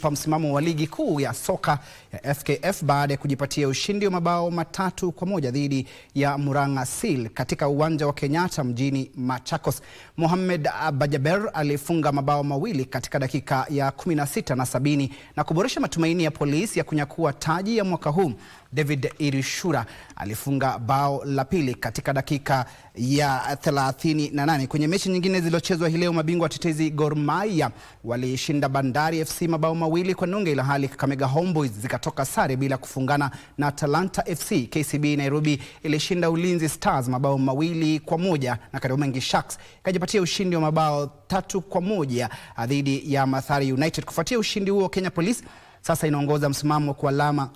pa msimamo wa ligi kuu ya soka ya FKF baada ya kujipatia ushindi wa mabao matatu kwa moja dhidi ya Murang'a Seal katika uwanja wa Kenyatta mjini Machakos. Mohamed Bajaber alifunga mabao mawili katika dakika ya 16 na sabini na kuboresha matumaini ya polisi ya kunyakua taji ya mwaka huu. David Irishura alifunga bao la pili katika dakika ya 38. Kwenye mechi nyingine zilizochezwa hii leo, mabingwa watetezi Gor Mahia walishinda Bandari FC mabao mawili kwa nunge ila hali Kakamega Homeboys zikatoka sare bila kufungana na Talanta FC. KCB Nairobi ilishinda Ulinzi Stars mabao mawili kwa moja na Kariobangi Sharks ikajipatia ushindi wa mabao tatu kwa moja dhidi ya Mathare United. Kufuatia ushindi huo, Kenya Police sasa inaongoza msimamo kwa alama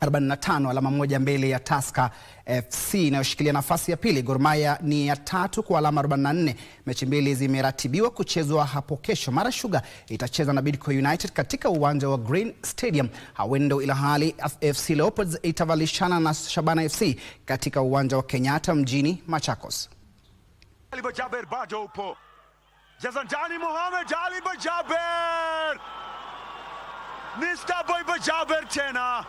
45 alama moja mbele ya Tusker eh, FC inayoshikilia nafasi ya pili. Gor Mahia ni ya tatu kwa alama 44. Mechi mbili zimeratibiwa kuchezwa hapo kesho. Mara Sugar itacheza na Bidco United katika uwanja wa Green Stadium Awendo, ila hali FC Leopards itavalishana na Shabana FC katika uwanja wa Kenyatta mjini Machakos. bado upo. Mr. Boy Bajaber tena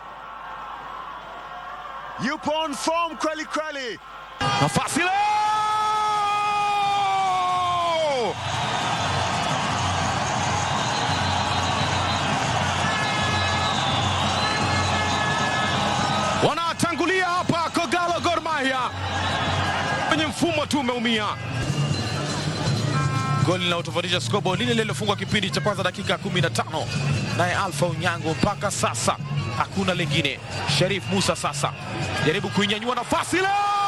yupo on form kweli kweli, nafasi leo wanatangulia hapa Kogalo Gor Mahia kwenye mfumo tu umeumia. Goli linalotofautisha skobo lile lililofungwa kipindi cha kwanza dakika 15, naye Alfa Unyango mpaka sasa hakuna lingine. Sharif Musa sasa jaribu kuinyanyua nafasi leo